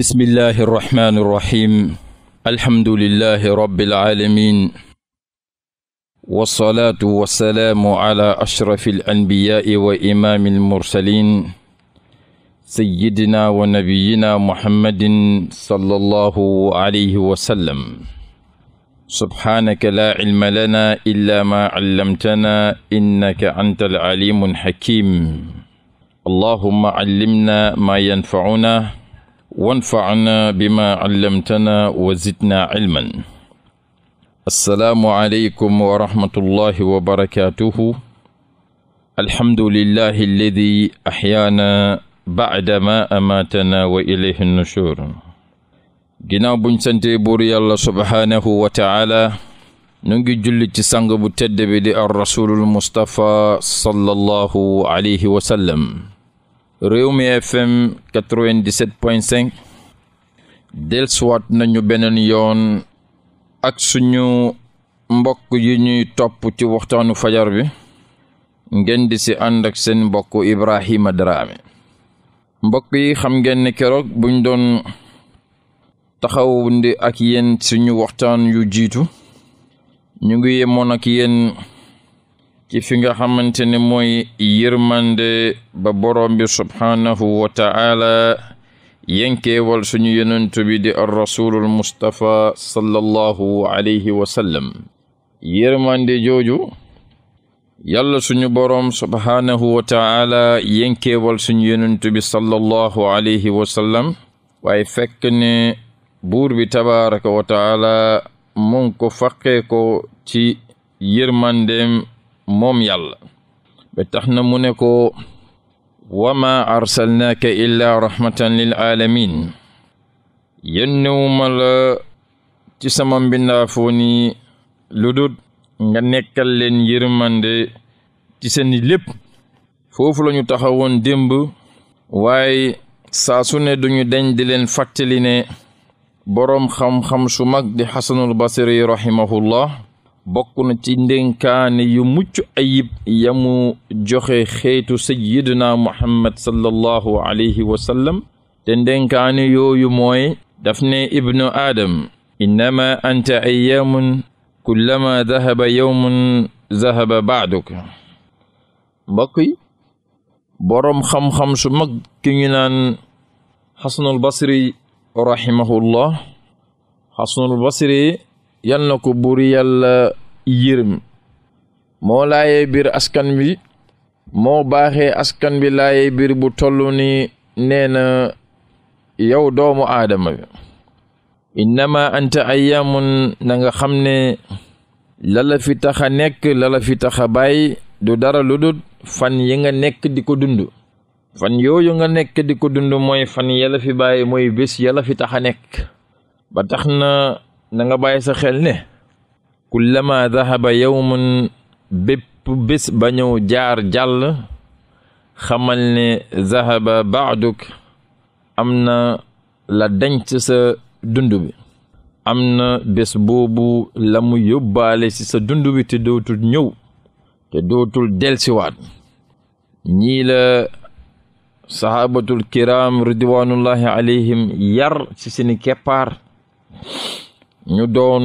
bismillahi irrahmani irrahim alhamdulilahi rabilaalamin walsalaatu wassalaamu ala ashrafi alanbiyaai wa imaami almursalin sayidina wa nabiyina muhammadin sallallahu alayhi wa sallam subhaanaka laa cilma lanaa illaa maa callamtanaa innaka anta alcalimu alxakim allahumma callimna maa yanfacunaa wanfacnaa bimaa callamtanaa wa zidnaa cilman assalaamu aleykum wa rahmatullahi wa barakaatuhu alhamdulillahi alladi axyaana bacda ma amaatanaa wa ilayhi nushur ginnaaw buñ santee buur yàlla subhaanahu wa taala nu ngi julli ci sang bu tedd bi di ar rasulul mustapha sallallahu alayhi wa sallam réew mi fm 97.5 dellusiwaat nañu beneen yoon ak suñu mbokk yi ñuy topp ci waxtaanu fajar bi ngeen di si ànd ak seen mbokk Ibrahima Dramé mbokk yi xam ngeen ne keroog buñ doon taxawundi ak yenn suñu waxtaan yu jiitu ñu ngi yemoon ak yéen ci fi nga xamante ne mooy yërmande ba borom bi subhaanahu wa ta'ala yenkeewal suñu yonentu bi di ar rasulul mustapha sallallahu alayhi wa sallam yërmande jooju yàlla suñu boroom subhaanahu wa ta'ala yenkeewal suñu yonentu bi sallallahu alayhi wa sallam waaye fekk ne bi tabaraka wa ta'ala mun ko faqee ko ci yërmandeem moom yàlla ba tax na mu ne ko wa ma arsalnaaka illaa rahmatan lil aalamin yónnewuma la ci sama mbindaafoo ni lu dut nga nekkal leen yërmande ci seeni lépp foofu lañu ñu taxawoon démb waaye saa ne duñu deñ di leen fàttali ne boroom xam-xam su mag di xasanul basri rahimahullah bokk na ci ndénkaane yu mucc ayib yamu joxe xeetu sayyidina muhammad sallallahu alayhi wa sallam te ndénkaane yooyu mooy daf ne ibnu aadam innama anta ayyaamun kullama dahaba yawmun dahaba baaduk mbokk yi boroom xam-xam su mag ki ñu naan xasanul basri yërëm moo laayee biir askan wi moo baaxee askan bi laayee biir bu toll ni nee na yow doomu aadama bi innama anta ayyamun na nga xam ne lala fi taxa nekk lala fi a bàyyi du dara lu dul fan yi nga nekk di ko dund fan yooyu nga nekk di ko dund mooy fan yala fi bàyyi mooy bés yala fi a nekk ba tax na na nga bàyyi sa xel ne kullama dahaba yawmun bépp bés ba ñëw jaar jàll xamal ne zahaba baaduk am na la denc sa dund am na bés boobu la yóbbaale ci sa dund bi te dootul ñëw te dootul delsiwaat ñii la kiram ridwanullahi alayhim yar ci seeni keppaar ñu doon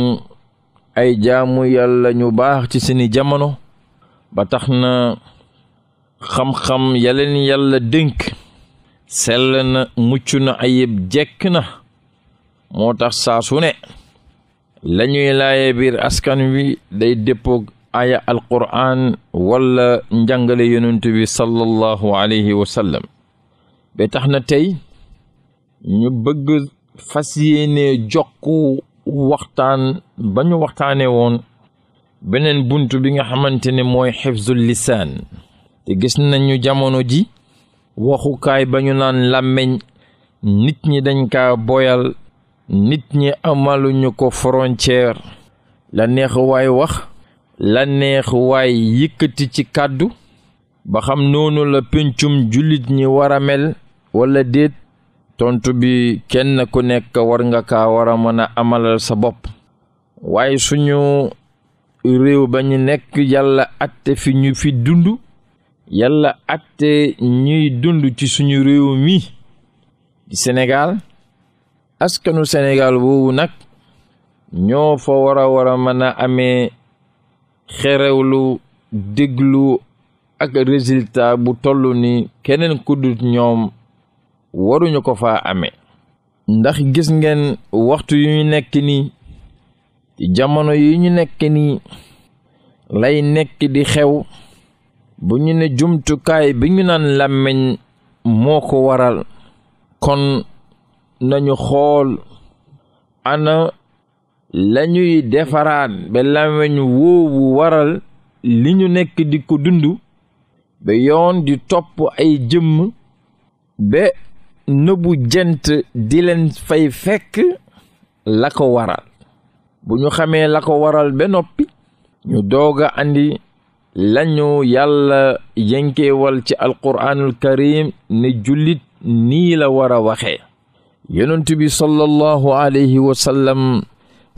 ay jaamu yàlla ñu baax ci seeni jamono ba tax na xam-xam yaleen yàlla dénk sell na mucc na ayib jekk na moo tax saa su ne lañuy laaye biir askan wi day dëppoog aya alquraan wala njàngale yonent bi sallallahu alayhi wa sallam tax na tey ñu bëgg fas yéene jokku waxtaan ba ñu waxtaanee woon beneen bunt bi nga xamante ne mooy xifzul lisaan te gis nañu jamono ji waxukaay ba ñu naan làmmeñ nit ñi dañ kaa boyal nit ñi amaluñu ko frontière la waay wax la neex waay yëkkati ci kàddu ba xam noonu la pencum jullit ñi war a mel wala déet tontu bi kenn ku nekk war nga kaa war a mën a amalal sa bopp waaye suñu réew ba ñu nekk yàlla atte fi ñu fi dund yàlla atte ñuy dund ci suñu réew mi senegal Sénégal askanu Sénégal boobu nag ñoo fa war a war a mën a amee xerewlu déglu ak résultat bu toll ni keneen ku ñoom waruñu ko fa amee ndax gis ngeen waxtu yu ñu nekk nii jamono yi ñu nekk nii lay nekk di xew bu ñu ne jumtukaay bi ñu naan làmmiñ moo ko waral kon nañu xool ana lañuy defaraat be làmmiñ woowu waral li ñu nekk di ko dund ba yoon di topp ay jëmm ba nëbu jent di leen fay fekk la ko waral bu ñu xamee la ko waral ba noppi ñu doog a andi lañu yàlla yenkeewal ci alquraanul karim ne jullit nii la war a waxee yonent bi sallallahu alayhi wa sallam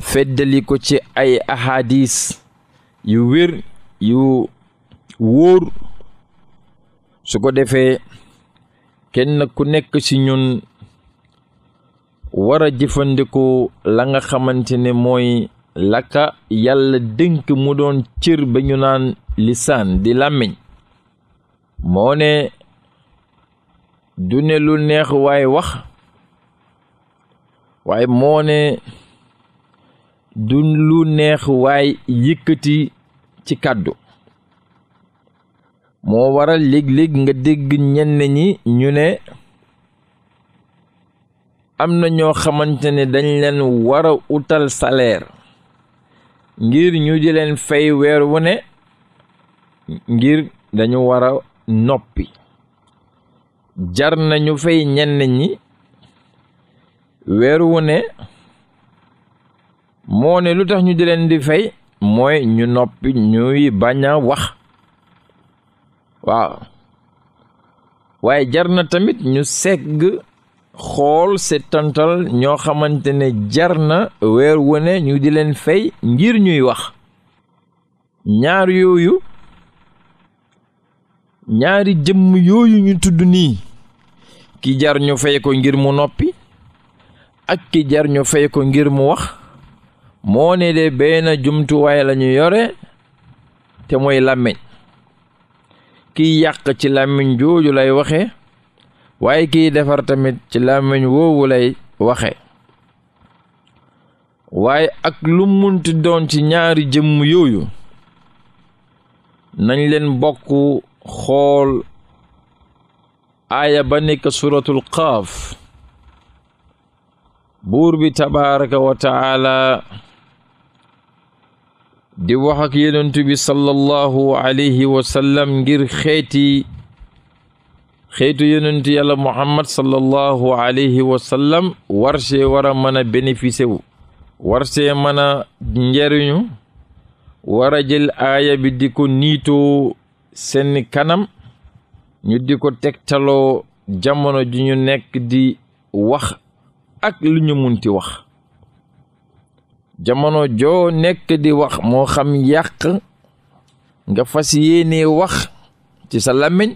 feddali ko ci ay ahadis yu wér yu wóor su ko defee kenn ku nekk ci ñun war a jëfandikoo la nga xamante ne mooy lakka yàlla dénk mu doon cër ba ñu naan lisaan di làmmiñ moo ne du ne lu neex waaye wax waaye moo ne du lu neex waaye yëkkati ci kàddu moo waral léeg-léeg nga dégg ñenn ñu ne am na ñoo xamante ne dañ leen war a utal salaire ngir ñu di leen fay weer wu ne ngir dañu war a noppi jar nañu fay ñenn ñi weer wu ne moo ne lu tax ñu di leen di fay mooy ñu noppi ñuy bañ wax waaye jar na tamit ñu segg xool setantal ñoo xamante ne jar na weer wu ne ñu di leen fay ngir ñuy wax ñaar yooyu ñaari jëmm yooyu ñu tudd nii ki jar ñu fay ko ngir mu noppi ak ki jar ñu fay ko ngir mu wax moo ne de benn jumtuwaay la ñu yore te mooy làmmiñ kiy yàq ci làmmiñ jooju lay waxe waay kiy defar tamit ci làmmiñ woowu lay waxe waaye ak lu doon ci ñaari jëmm yooyu nañ leen bokk xool aaya ba nekk suratul buur bi tabaaraka wa taala di wax ak yonent bi sallallahu alayhi wa ngir xeeti xeetu yonent yàlla muhammad sallallahu alayhi wa sallam war see war a mën a bénéficier wu war see mën a njariñu war a jël aaya bi di ko niitoo seen kanam ñu di ko tegtaloo jamono ju ñu nekk di wax ak lu ñu munti wax jamono joo nekk di wax moo xam yàq nga fas yéenee wax ci sa làmmiñ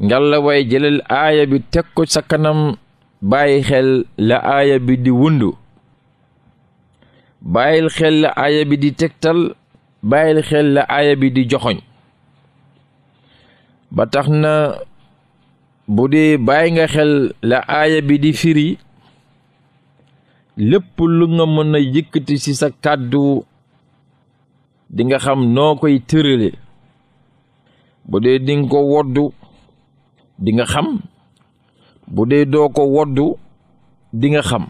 ngalla waay jëlal aaya bi teg ko sa kanam bàyyi xel la aaya bi di wundu bàyyil xel la aaya bi di tegtal bàyyil xel la aaya bi di joxoñ ba tax na bu dee bàyyi nga xel la aaya bi di firi lépp lu nga mën na yëkkati ci sa kàddu dinga xam noo koy tërale bu dee dinga ko woddu dinga xam bu dee doo ko woddu dinga xam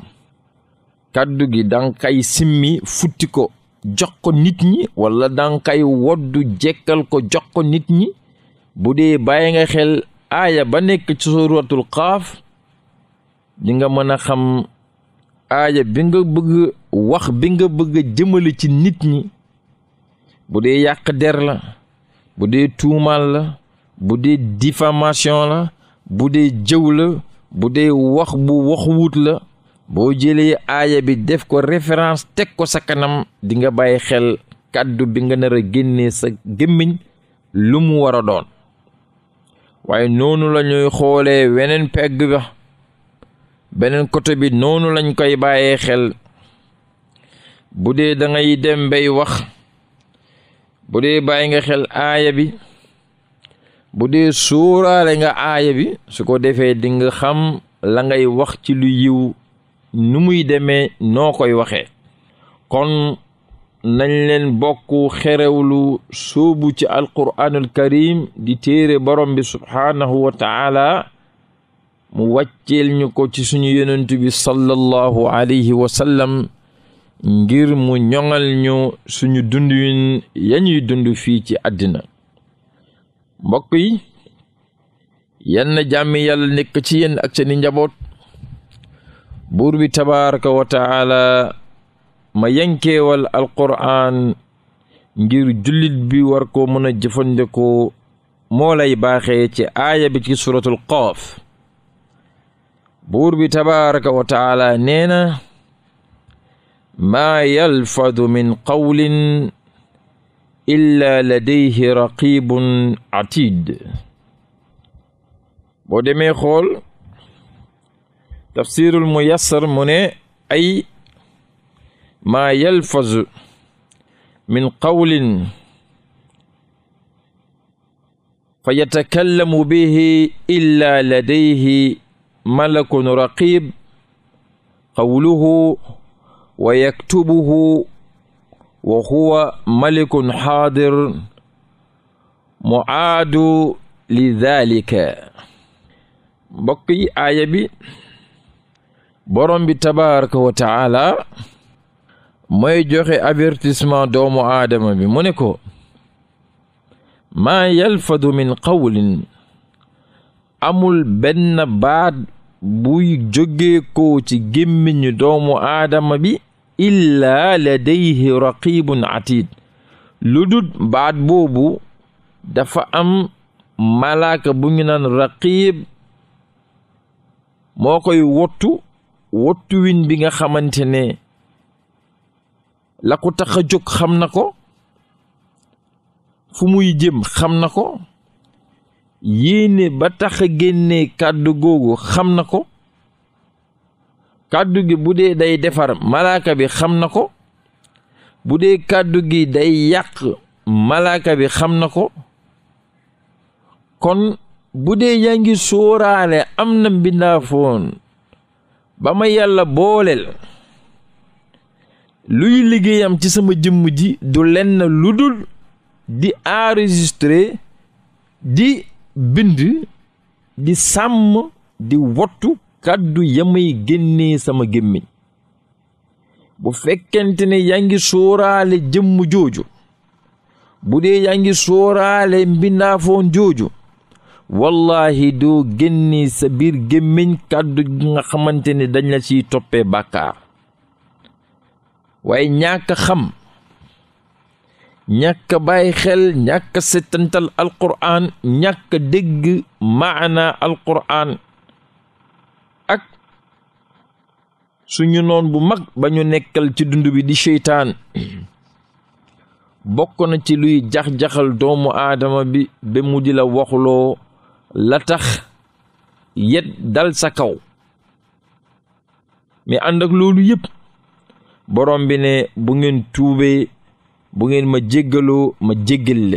kàddu gi danga kay simmi futti ko jox ko nit ñi walla danga kay woddu jekkal ko jox ko nit ñi bu dee bàyyi nga xel aaya ba nekk ci suratul qaaf di nga mën a xam aaya bi nga bëgg wax bi nga bëgg jëmale ci nit ñi bu dee yàq der la bu dee tuumaal la bu dee diffamation la bu dee jëw la bu dee wax bu wax wut la boo jëlee aaya bi def ko référence teg ko sa kanam dinga bàyyi xel kàddu bi nga nar a génnee sa gémmiñ lu mu war a doon waaye noonu lañuy xoolee weneen pegg ba beneen côté bi noonu lañ koy bàyyee xel bu dee da ngay dem bay wax bu dee bàyyi nga xel aaya bi bu dee sóoraale nga aaya bi su ko defee dinga xam la ngay wax ci lu yiw nu muy demee noo koy waxee kon nañ leen bokk xerewlu sóobu ci alquraanul karim di téere borom bi subhaanahu wa mu wàcceel ñu ko ci suñu yonent bi sallallahu alayhi wa ngir mu ñoŋal ñu suñu dunduyin yañuy dund fii ci àddina mbokk yi yan na nekk ci yéen ak seeni njaboot buur bi tabaraka wa taala ma yankeewal alquraan ngir jullit bi war ko mën a jëfandikoo moo lay baaxee ci aaya bi ci suratul qaaf buur bi tabaraka wa taala nee na maa yalfadu min qawlin illa ladayhi raqibun atid boo demee xool tafsirul muyassar mu ne ay maa yalfazu min qawlin fa yatakallamu bihi illa ladayhi malakun raqib qawluhu wa yaktubuhu wa huwa malikun xaadir muaadu li dalika mbokk aaya bi borom bi tabaraka wa taala mooy joxe avertissement doomu aadama bi mu ne ko maa yalfadu min qawlin amul benn baat buy jóge ko ci gémmiñu doomu aadama bi illaa ladayhi raqibun atit lu dut baat boobu dafa am malaaka bu ñu naan raqib moo koy wottu wottuwin bi nga xamante ne la ko tax a jóg xam na ko fu muy jëm xam na ko yéene ba tax a génnee kàddu googu xam na ko kàddu gi bu day defar malaaka bi xam na ko bu dee kàddu gi day yàq malaaka bi xam na ko kon bu dee yaa ngi am na mbindaafoon ba ma yàlla boolel luy liggéeyam ci sama jëmm ji du lenn lu dul di enregistré di bind di sàmm di wottu kàddu yamay may sama gémmiñ bu fekkente ne yaa ngi jëmm jooju bu dee yaa ngi sóoraale mbindaafoon jooju wallahi doo génne sa biir gémmiñ kàddu nga xamante ne dañ la ciy toppee bàkkaar way ñàkk xam ñàkk bàyyi xel settantal alqur'an ñàkk dégg maana alqur'an suñu noon bu mag ba ñu nekkal ci dund bi di seytaan bokk na ci luy jax-jaxal doomu aadama bi ba mu di la waxloo la tax yet dal sa kaw mais ànd ak loolu yëpp borom bi ne bu ngeen tuubee bu ngeen ma jéggaloo ma jéggal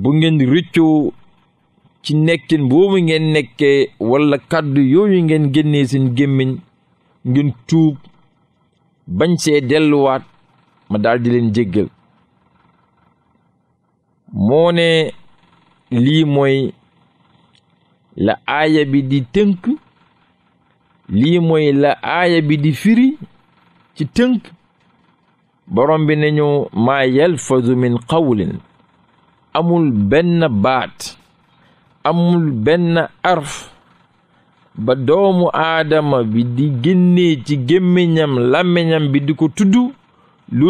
bu ngeen rëccoo ci nekkin boobu ngeen nekkee walla kàddu yooyu ngeen génnee seen gémmiñ ngeen tuub bañ delluwaat ma daal di leen jéggal moo lii mooy la aaya bi di tënk lii mooy la aaya bi di firi ci tënk borom bi nañu maa yalfazu min qawlin amul benn baat amul benn arf ba doomu aadama bi di génnee ci gémmiñam làmmiñam bi di ko tuddu lu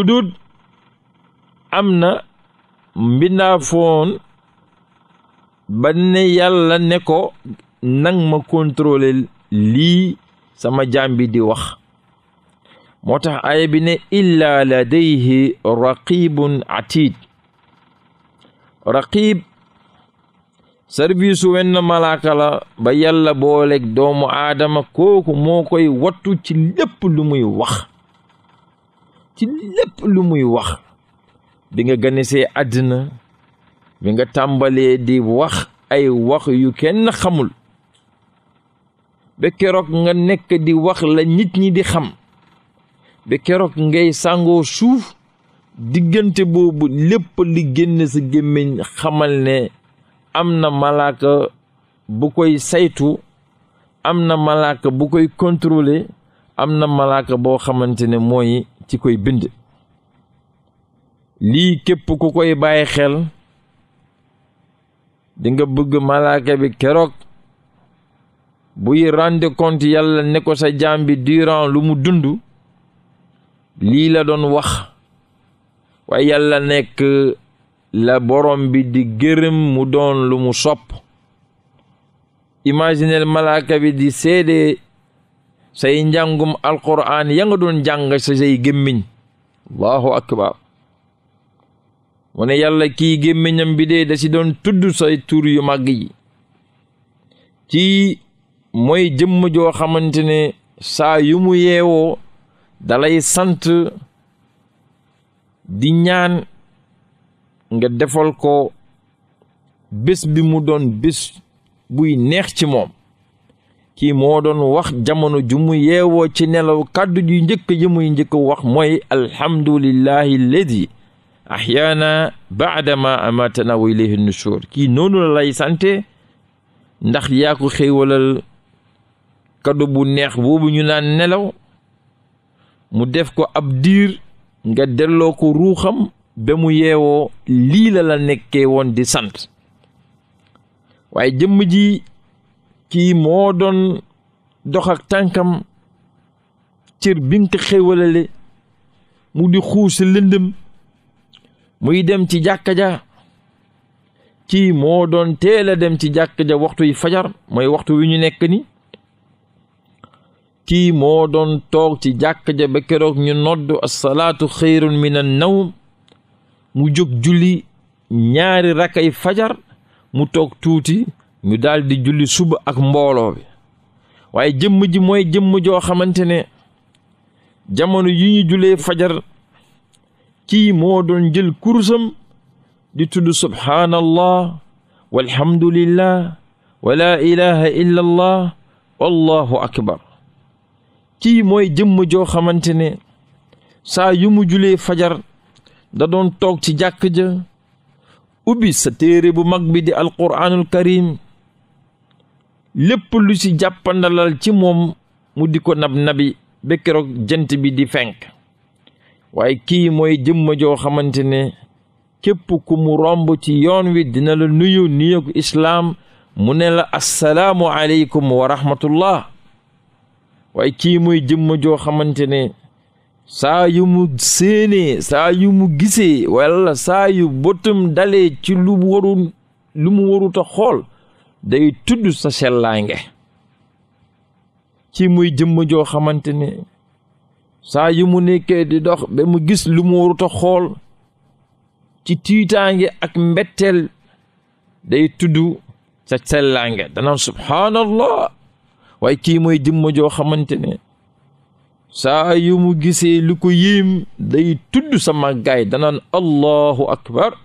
am na mbindaafoon ba ne yàlla ne ko nang ma kontrole lii sama jaam di wax moo tax aaya bi ne illaa ladayhi raqibun atid raqib sarbiisu wenn malaaka la ba yàlla booleek doomu aadama kooku moo koy wattu ci lépp lu muy wax ci lépp lu muy wax bi nga ganisee àddina bi nga tàmbalee di wax ay wax yu kenn xamul ba keroog nga nekk di wax la nit ñi di xam ba keroog ngay sàngoo suuf diggante boobu lépp li génn sa gémmiñ xamal ne am na malaaka bu koy saytu am na malaaka bu koy contrôler am na malaaka boo xamante ne mooy ci koy bind lii képp ku koy bàyyi xel dinga nga bëgg malaaka bi keroog buy rendre compte yàlla ne ko sa jaam bi durant lu mu dund lii la doon wax waaye yàlla nekk la borom bi di gërëm mu doon lu mu sopp imaginel malaaka bi di seede say njàngum alquran ya nga doon jàng sa say gémmiñ allahu akbar mu ne yàlla kii gémmiñam bi dee da si doon tudd say tur yu màgg yi ci moy jëmm joo xamante ne saa yu mu yeewoo dalay sant di ñaan nga defal ko bés bi mu doon bés buy neex ci moom kii moo doon wax jamono ju mu yeewoo ci nelaw kàddu ju njëkk yi muy njëkk wax mooy alhamdulillahi ledi ahyaana baadama amatana wa ilayhi nushur kii noonu la lay sante ndax yaa ko xéewalal bu neex boobu ñu naan nelaw mu def ko ab diir nga delloo ko ruuxam ba mu yeewoo lii la la nekkee woon di sant waaye jëmm ji kii moo doon doxak tànkam cër bink nga xéwalale mu di xuusi lëndëm muy dem ci jàkka ja kii moo doon teela dem ci jàkka ja waxtu yi fajar mooy waxtu wi ñu nekk ni kii moo doon toog ci jàkka ja ba keroog ñu nodd asalaatu xayrun min an nawm mu jóg julli ñaari rakkay fajar mu toog tuuti mu daldi julli suba ak mbooloo waaye jëmm ji mooy jëmm joo xamante ne jamono yi ñu julee fajar kii moo doon jël kursam di tudd subhaanallah walhamdulillah wa laa ilaha illa allah wallahu akbar kii mooy jëmm joo xamante ne saa yu mu julee fajar da doon toog ci jàkk ja ubbi sa téere bu mag bi di alquraanul karim lépp lu ci jàppandalal ci moom mu di ko nab nabi ba keroog jant bi di fenk waaye kii mooy jëmma joo xamante ne képp ku mu romb ci yoon wi dina la nuyu nuyu islaam mu ne la assalaamu aleykum wa rahmatullah waaye kii mooy jëmma joo xamante ne saa yu mu séenee saa yu mu gisee walla saa yu bëtam dalee ci lu waru lu xool day tudd sa sellaange ci muy jëmm joo xamante ne saa yu mu nekkee di dox ba mu gis lu mu warut xool ci tiitaange ak mbettel day tudd sa sellaange danan subhaanallah waaye kii mooy jëmm joo xamante ne saa yu mu gisee lu ko yéem day tudd sa màggaay danaan allahu akbar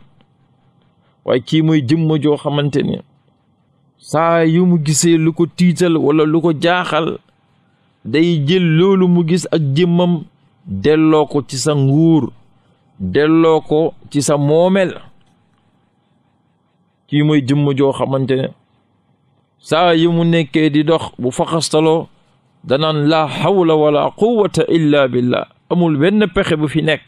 waaye kii mooy jëmma joo xamante ne saa yu mu gisee lu ko tiital wala lu ko jaaxal day jël loolu mu gis ak jëmmam delloo ko ci sa nguur delloo ko ci sa moomel kii moy jëmm joo xamante ne saa yu mu nekkee di dox bu faxastaloo danaan laa hawla wala quwwata illa billah amul wenn pexe bu fi nekk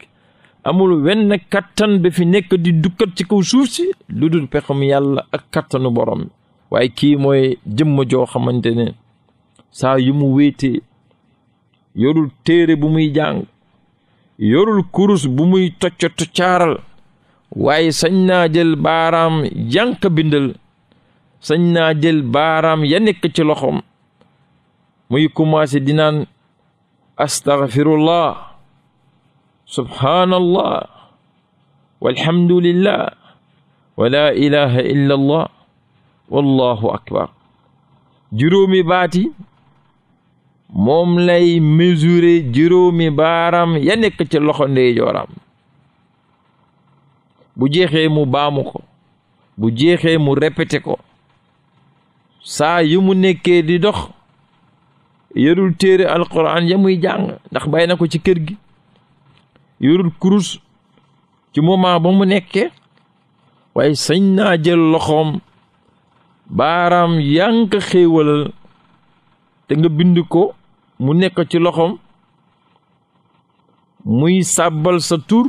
amul wenn kattan ba fi nekk di dukkat ci kaw suuf si lu dul pexum yàlla ak kattanu borom waaye kii mooy jëmm joo xamante ne saa yu mu wéetee yorul téere bu muy jàng yorul kurus bu muy tocca toccaaral waaye sañ naa jël baaraam jànk bindal sañ naa jël baaraam ya nekk ci loxoom muy commencé di naan astaghfirullah subhanallah walhamdulillah wa laa ilaha wallahu akbar juróomi baati moom lay mesurer juróomi baaram ya nekk ci loxo ndeyjooram bu jeexee mu baamu ko bu jeexee mu répété ko saa yu mu nekkee di dox yorul téere alquran ya muy jàng ndax bay na ko ci kër gi yorul kurus ci moment ba mu nekkee waaye sañ naa jël loxoom baaraam yànk xéewalal te nga bind ko mu nekk ci loxoom muy sàbbal sa tur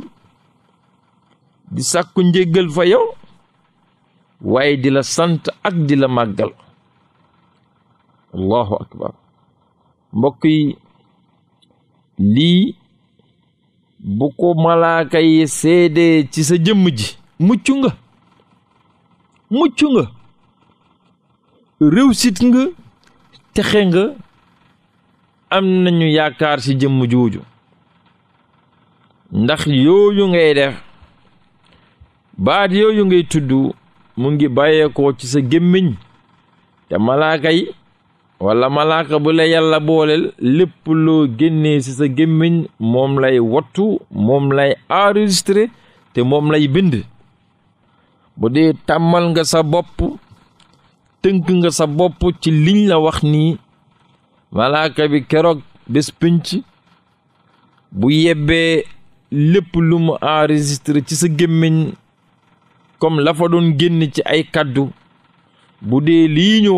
di sàkku njégal fa yow waaye di la sant ak di la màggal mbokk yi lii bu ko malaaka seede ci sa jëmm ji mucc nga mucc nga réussite nga texe nga am nañu yaakaar ci jëmm jooju ndax yooyu ngay def baat yooyu ngay tudd mu ngi bàyyeekoo ci sa gémmiñ te malaaka wala malaaka bu la yàlla booleel lépp loo génnee ci sa gémmiñ moom lay wattu moom lay enregistré te moom lay bind bu dee tàmmal nga sa bopp tënk nga sa bopp ci liñ la wax nii malaaka bi keroog bés pinc bu yebbee lépp lu mu ci sa gémmiñ comme la doon génne ci ay kàddu bu dee lii ñu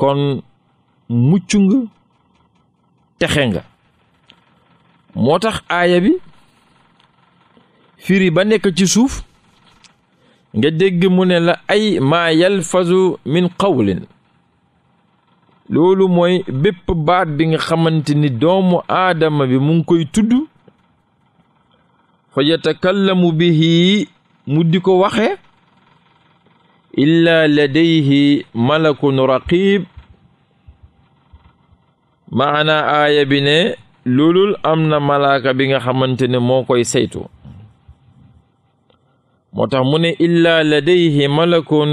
kon mucc nga texe nga moo tax aaya bi firi ba nekk ci suuf nga dégg mu ne la ay maa fasu min qawlin loolu mooy bépp baat bi nga xamante ni doomu aadama bi mu ngi koy tudd fa bi bihi mu di ko waxe illaa ladayhi malakun raqib maana aaya bi ne loolul am na malaaka bi nga xamante ne moo koy saytu moo tax mu ne illaa ladayhi malakun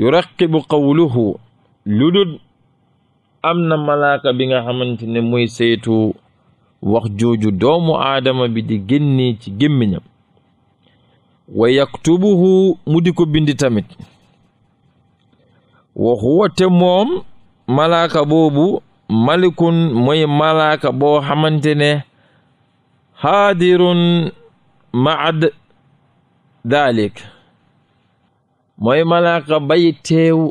yuraqibu qawluhu ludul am na malaaka bi nga xamante ne mooy saytu wax jooju doomu aadama bi di génne ci gémmiñam wa yaktubuhu mu di ko bindi tamit wa huwa moom malaaka boobu malikun mooy malaaka boo xamante ne xaadirun maad daalik mooy malaaka bay teew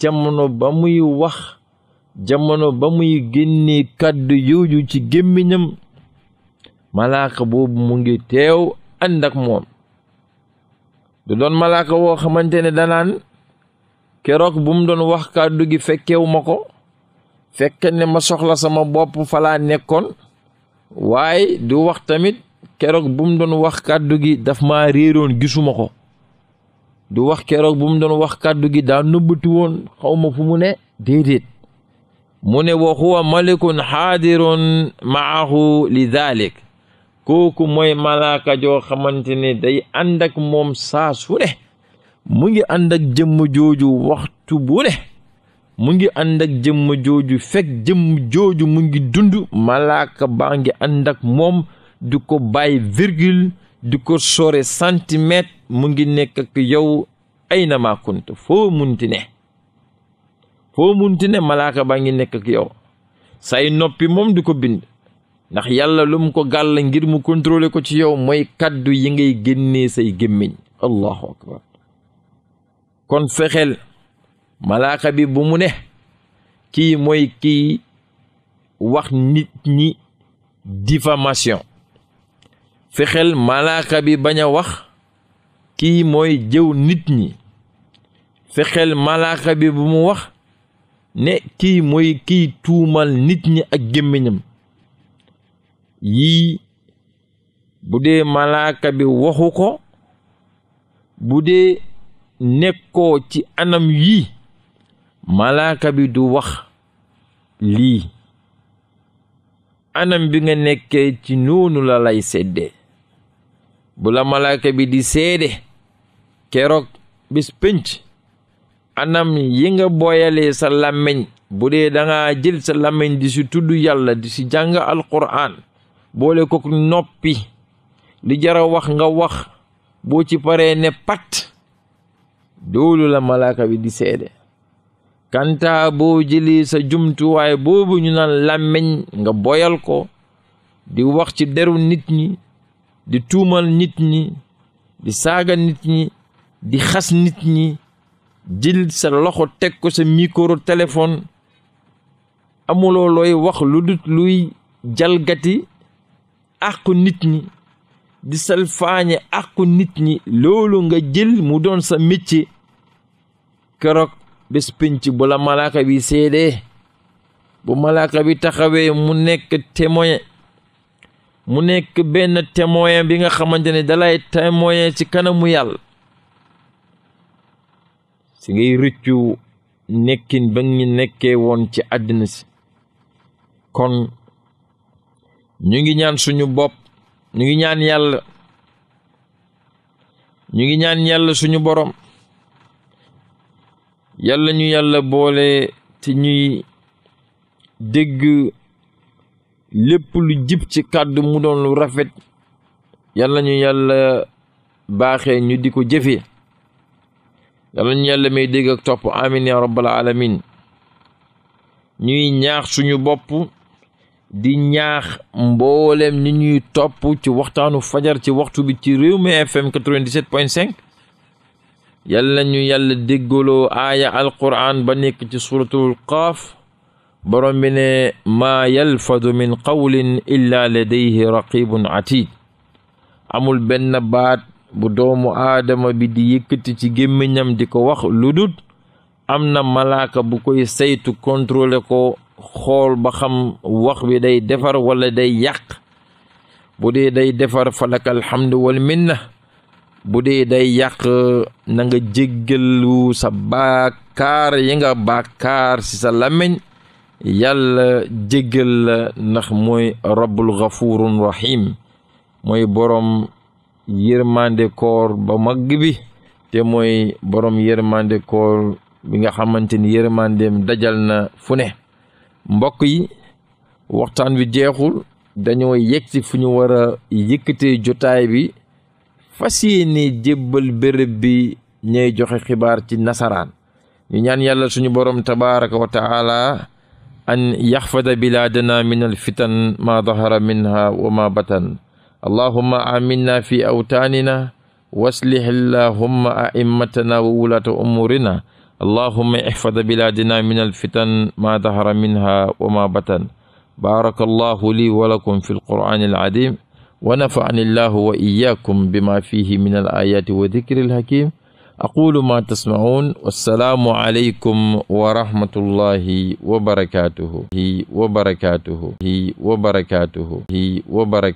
jamono ba muy wax jamono ba muy génne kàddu yooyu ci gémmiñam malaaka boobu mu ngi teew ànd moom du doon malaaka woo xamante ne danaan keroog bu doon wax kàddu gi fekkewu ma ko fekk ne ma soxla sama bopp falaa nekkoon waaye du wax tamit keroog bum mu doon wax kàddu gi daf maa réeroon gisuma ko du wax keroog bu wax kàddu gi daa nëbbati woon xaw ma fu mu ne déedéet mu ne wa huwa malikun xaadirun maahu li daalik kooku mooy malaaka joo xamante ne day ànd moom saa su mu ngi ànd jëmm jooju waxtu bu ne mu ngi ànd jëmm jooju fekk jëmm jooju mu ngi dund malaaka baa ngi ànd moom du ko bàyyi virgule du ko sore centimètre mu ngi nekk ak yow ay na maa kunt foo munti ne foo munti malaaka baa ngi nekk ak yow say noppi moom du ko bind ndax yàlla lu mu ko gàll ngir mu contrôler ko ci yow mooy kàddu yi ngay génnee say gémmiñ allahu akbar kon fexeel malaaka bi bu mu ne kii mooy kii wax nit ñi diffamation fexeel malaaka bi bañ a wax kii mooy jëw nit ñi fexeel malaaka bi bu mu wax ne kii mooy kii tuumal nit ñi ak gémmiñam yii bu dee malaaka bi waxu ko bu dee nekkoo ci anam yii malaaka bi du wax lii anam bi nga nekkee ci noonu la lay seddee bu la malaaka bi di seede keroog bis pénc anam yi nga booyalee sa làmmiñ bu dee danga jël sa làmmiñ di si tudd yàlla di si jàng alquraan boole ko noppi li jara wax nga wax boo ci paree ne pat doolu la malaaka bi di seede kanta boo jëlee sa jumtuwaay boobu ñu naan làmmiñ nga boyal ko di wax ci deru nit ñi di tuumal nit ñi di saaga nit ñi di xas nit ñi jël sa loxo teg ko sa micro téléphone amuloo looy wax lu dut luy jalgati àqu nit ñi di salfaañe àqu nit ñi loolu nga jël mu doon sa métier kerok bés pénc bu la malaaka bi seedee bu malaaka bi taxawee mu nekk témoin mu nekk benn témoin bi nga xamante ni dalay témoin ci kanamu yàlla si ngay rëccu nekkin ba ngi nekkee woon ci àddina si kon ñu ngi ñaan suñu bopp ñu ngi ñaan yàlla ñu ngi ñaan yàlla suñu borom yàlla ñu yàlla boole te ñuy dégg lépp lu jib ci kàddu mu doon lu rafet yàlla ñu yàlla baaxe ñu di ko jëfee yàlla ñu yàlla may dégg ak topp amin ya rabbal alamin ñuy ñaax suñu bopp di ñaax mboolem ni ñuy topp ci waxtaanu fajar ci waxtu bi ci réew mi fm 97.5 yàlla ñu yàlla déggaloo aaya alquran ba nekk ci suratul qaaf borom bi ne maa yalfadu min qawlin illa ladayhi raqibun atid amul benn baat bu doomu aadama bi di yëkkati ci gémmiñam di ko wax lu dut am na malaaka bu koy saytu contrôler ko xool ba xam wax bi day defar wala day yàq bu day defar falaka alhamdu wal minna bu dee day yàq nanga nga jéggalu sa bàkkaar yi nga bàkkaar ci sa làmmiñ yàlla jéggal la ndax mooy rabbul gafurun rahim mooy boroom yërmande koor ba mag bi te mooy boroom yërmande koor bi nga xamante ni yërmandeem dajal na fu ne mbokk yi waxtaan wi jeexul dañoo yegg si fu ñu war a yëkkatee jotaay bi fas yéene jébbal béréb bi ñay joxe xibaar ci nasaraan ñu ñaan yàlla suñu borom tabaraka wa taala an yaxfada bilaadana min alfitan ma dahara minha wa ma batan allahumma aminna fi awtaanina waslih allahumma a'immatana wa wulata umurina allahuma ixfad bilaadina min alfitan ma dahara minha wa ma batan baaraka allahu lii wa lakum fi alqur'ani alcadim wa nafacani allahu wa iyaakum bima fihi min alayaati wa dikri alhakim aqulu ma tasmacuun wassalaamu aleykum wa rahmatullahi wa barakatuhu wa barakatuhu wa barakatuhu